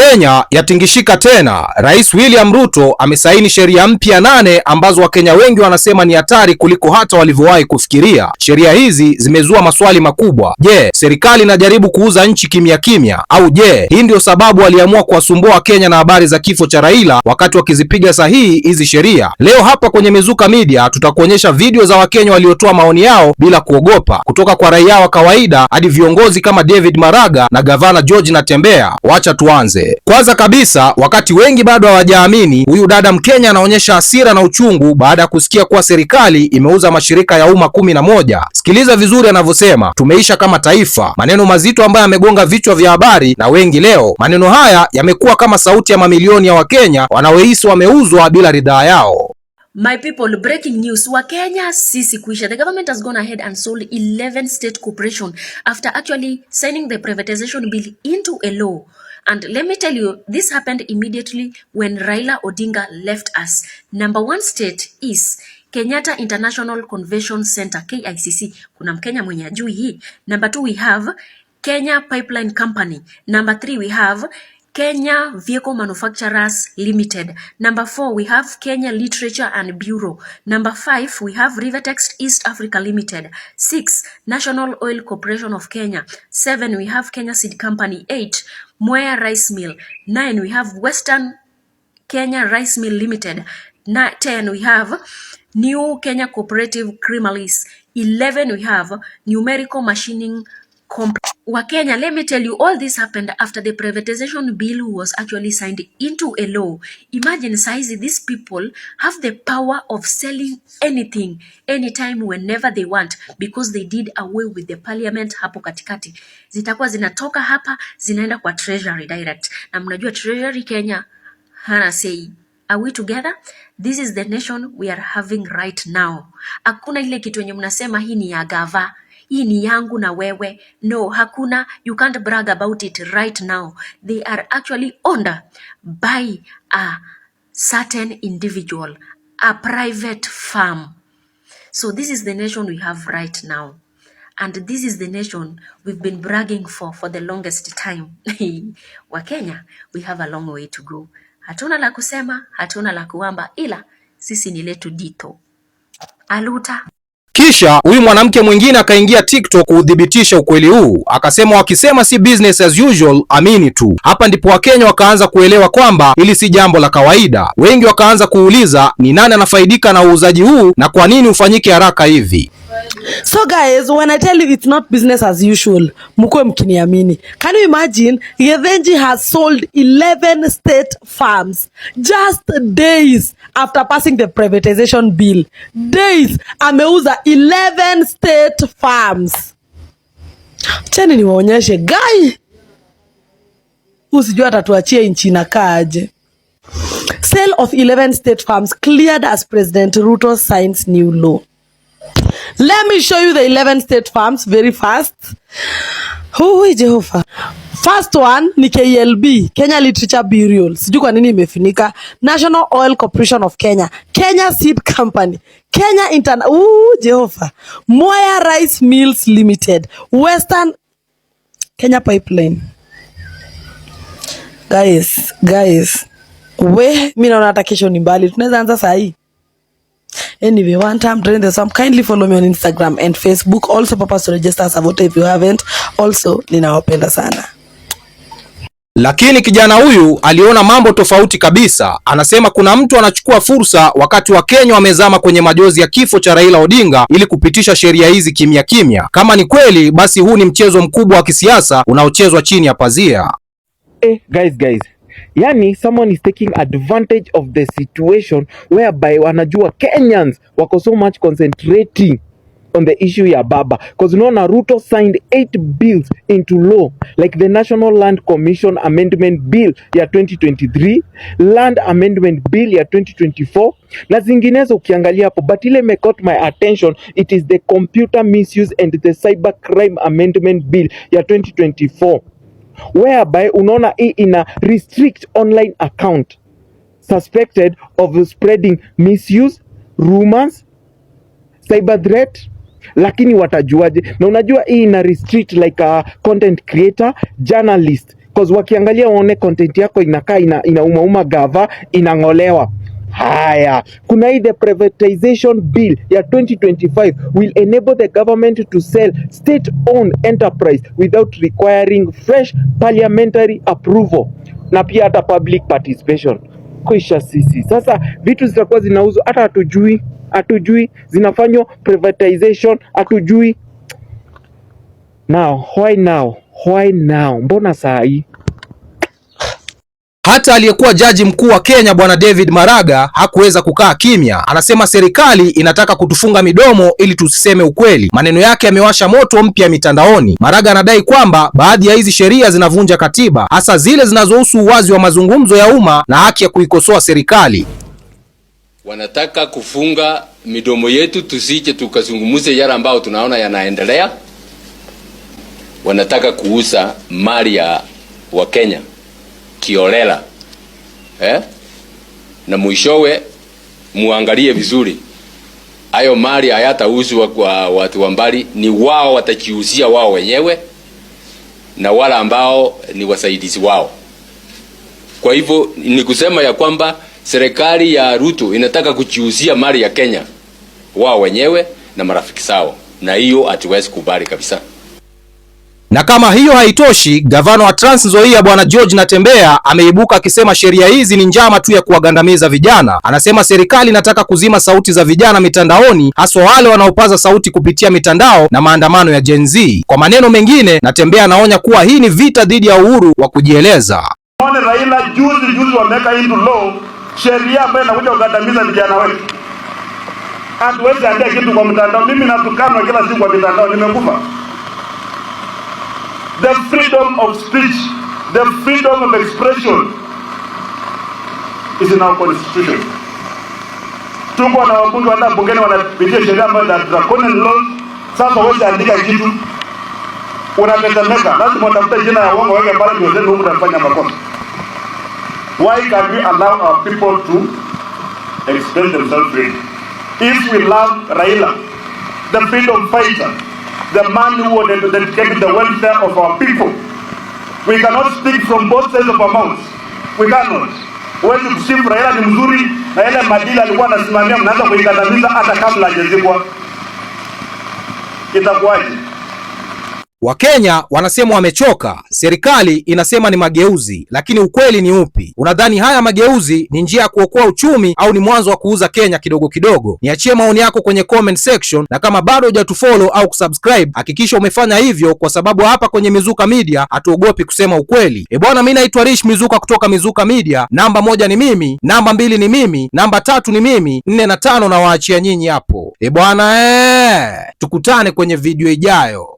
Kenya yatingishika tena. Rais William Ruto amesaini sheria mpya nane ambazo Wakenya wengi wanasema ni hatari kuliko hata walivyowahi kufikiria. Sheria hizi zimezua maswali makubwa. Je, serikali inajaribu kuuza nchi kimya kimya? Au je, hii ndio sababu waliamua kuwasumbua Wakenya na habari za kifo cha Raila wakati wakizipiga sahihi hizi sheria? Leo hapa kwenye Mizuka Media tutakuonyesha video za Wakenya waliotoa maoni yao bila kuogopa, kutoka kwa raia wa kawaida hadi viongozi kama David Maraga na gavana George Natembea. Wacha tuanze. Kwanza kabisa, wakati wengi bado hawajaamini, huyu dada Mkenya anaonyesha hasira na uchungu baada ya kusikia kuwa serikali imeuza mashirika ya umma kumi na moja. Sikiliza vizuri anavyosema: tumeisha kama taifa. Maneno mazito ambayo yamegonga vichwa vya habari na wengi leo. Maneno haya yamekuwa kama sauti ya mamilioni ya Wakenya wanaohisi wameuzwa bila ridhaa yao. My people, breaking news. Wa Kenya, sisi kuisha. The government has gone ahead and sold 11 state corporation after actually signing the privatization bill into a law. And let me tell you, this happened immediately when Raila Odinga left us. Number one state is Kenyatta International Convention Center, KICC. Kuna Mkenya mwenye ajui hii. Number two, we have Kenya Pipeline Company. Number three, we have Kenya Vehicle Manufacturers Limited. Number four, we have Kenya Literature and Bureau. Number five, we have Rivertext East Africa Limited. Six, National Oil Corporation of Kenya. Seven, we have Kenya Seed Company. Eight, Mwea Rice Mill. Nine, we have Western Kenya Rice Mill Limited. Na ten, we have New Kenya Cooperative Creameries. Eleven, we have Numerical Machining Company. Kenya, let me tell you, all this happened after the privatization bill was actually signed into a law. Imagine size, these people have the power of selling anything, anytime, whenever they want, because they did away with the parliament hapo katikati. Zitakuwa zinatoka hapa, zinaenda kwa treasury direct. Na mnajua treasury Kenya hana say. Are we together? This is the nation we are having right now. Hakuna ile kitu yenye mnasema hii ni ya gava hii ni yangu na wewe no hakuna you can't brag about it right now they are actually owned by a certain individual a private firm so this is the nation we have right now and this is the nation we've been bragging for for the longest time wa kenya we have a long way to go hatuna la kusema hatuna la kuamba ila sisi ni letu dito aluta kisha huyu mwanamke mwingine akaingia TikTok kudhibitisha ukweli huu, akasema wakisema si business as usual, amini tu. Hapa ndipo Wakenya wakaanza kuelewa kwamba hili si jambo la kawaida. Wengi wakaanza kuuliza ni nani anafaidika na uuzaji huu na kwa nini ufanyike haraka hivi? So guys, when I tell you it's not business as usual, mkuwe mkiniamini. Can you imagine? Yevenji has sold 11 state farms just days after passing the privatization bill. Days ameuza 11 state farms. Cheni niwaonyeshe guy. Usijua atatuachie nchi kaje. Sale of 11 state farms cleared as President Ruto signs new law. Let me show you the 11 state farms very fast. Hui Jehova. First one ni KLB, Kenya Literature Burial. Sijui kwa nini imefinika. National Oil Corporation of Kenya, Kenya Seed Company, Kenya intern Uu, Jehova. Moya Rice Mills Limited, Western Kenya Pipeline. Guys, guys. We, mimi naona hata kesho ni mbali. Tunaweza anza saa hii. Anyway, one time during the summer, kindly follow me on Instagram and Facebook. Also, Papa Sura Just as a voter if you haven't. Also, ninawapenda sana. Lakini kijana huyu aliona mambo tofauti kabisa. Anasema kuna mtu anachukua fursa wakati wa Kenya wamezama kwenye majozi ya kifo cha Raila Odinga ili kupitisha sheria hizi kimya kimya. Kama ni kweli, basi huu ni mchezo mkubwa wa kisiasa unaochezwa chini ya pazia. Eh, guys, guys. Yani, someone is taking advantage of the situation whereby wanajua Kenyans wako so much concentrating on the issue ya baba because unaona Ruto signed eight bills into law like the National Land Commission Amendment Bill ya 2023, Land Amendment Bill ya 2024 na zinginezo ukiangalia hapo, but ile me caught my attention, it is the Computer Misuse and the Cyber Crime Amendment Bill ya 2024 whereby unaona hii ina restrict online account suspected of spreading misuse rumors cyber threat lakini watajuaje? Na unajua hii ina restrict like a content creator journalist, cause wakiangalia waone content yako inakaa ina, inaumauma gava inang'olewa. Haya, kuna hii the privatization bill ya 2025 will enable the government to sell state owned enterprise without requiring fresh parliamentary approval na pia hata public participation. Kisha sisi sasa vitu zitakuwa zinauzwa, hata hatujui, hatujui zinafanywa privatization, hatujui now. Why now? Why now? Mbona saa hii hata aliyekuwa jaji mkuu wa Kenya bwana David Maraga hakuweza kukaa kimya. Anasema serikali inataka kutufunga midomo ili tusiseme ukweli. Maneno yake yamewasha moto mpya mitandaoni. Maraga anadai kwamba baadhi ya hizi sheria zinavunja katiba, hasa zile zinazohusu uwazi wa mazungumzo ya umma na haki ya kuikosoa serikali. Wanataka kufunga midomo yetu tusije tukazungumuze yale ambayo tunaona yanaendelea. Wanataka kuuza mali ya Wakenya kiolela eh? na mwishowe muangalie vizuri, hayo mali hayatauzwa kwa watu wa mbali, ni wao watajiuzia wao wenyewe na wale ambao ni wasaidizi wao. Kwa hivyo ni kusema ya kwamba serikali ya Ruto inataka kujiuzia mali ya Kenya wao wenyewe na marafiki zao, na hiyo hatuwezi kubali kabisa. Na kama hiyo haitoshi, gavana wa Trans Nzoia bwana George Natembeya ameibuka akisema sheria hizi ni njama tu ya kuwagandamiza vijana. Anasema serikali inataka kuzima sauti za vijana mitandaoni, haswa wale wanaopaza sauti kupitia mitandao na maandamano ya Gen Z. Kwa maneno mengine, Natembeya anaonya kuwa hii ni vita dhidi ya uhuru wa kujieleza. Raila juzi juzi wameka into law sheria ambayo inakuja kugandamiza vijana wetu. Hatuwezi andika kitu kwa mtandao. Mimi natukanwa kila siku kwa mitandao, nimekufa the freedom of speech, the freedom of expression is in our constitution. Tuko na wabunge wanda bungeni wanapitia sheria ambayo za draconian laws. Sasa wewe andika kitu unatetemeka, lazima utafute jina ya uongo weke pale, ndio zenu mtafanya makosa. Why can we allow our people to express themselves freely? If we love Raila, the freedom fighter the man who was dedicated the welfare of our people. We cannot speak from both sides of our mouths. We cannot. Huwezi kusifu Raila ni mzuri na yale madili alikuwa anasimamia, mnaanza kuikandamiza hata kabla hajazikwa, itakuwaje? Wakenya wanasema wamechoka, serikali inasema ni mageuzi, lakini ukweli ni upi? Unadhani haya mageuzi ni njia ya kuokoa uchumi au ni mwanzo wa kuuza Kenya kidogo kidogo? Niachie maoni yako kwenye comment section, na kama bado hujatufollow au kusubscribe, hakikisha umefanya hivyo, kwa sababu hapa kwenye Mizuka Media hatuogopi kusema ukweli. E bwana, mimi naitwa Rish Mizuka kutoka Mizuka Media. Namba moja ni mimi, namba mbili ni mimi, namba tatu ni mimi, nne na tano na waachia nyinyi hapo. E bwana, ee, tukutane kwenye video ijayo.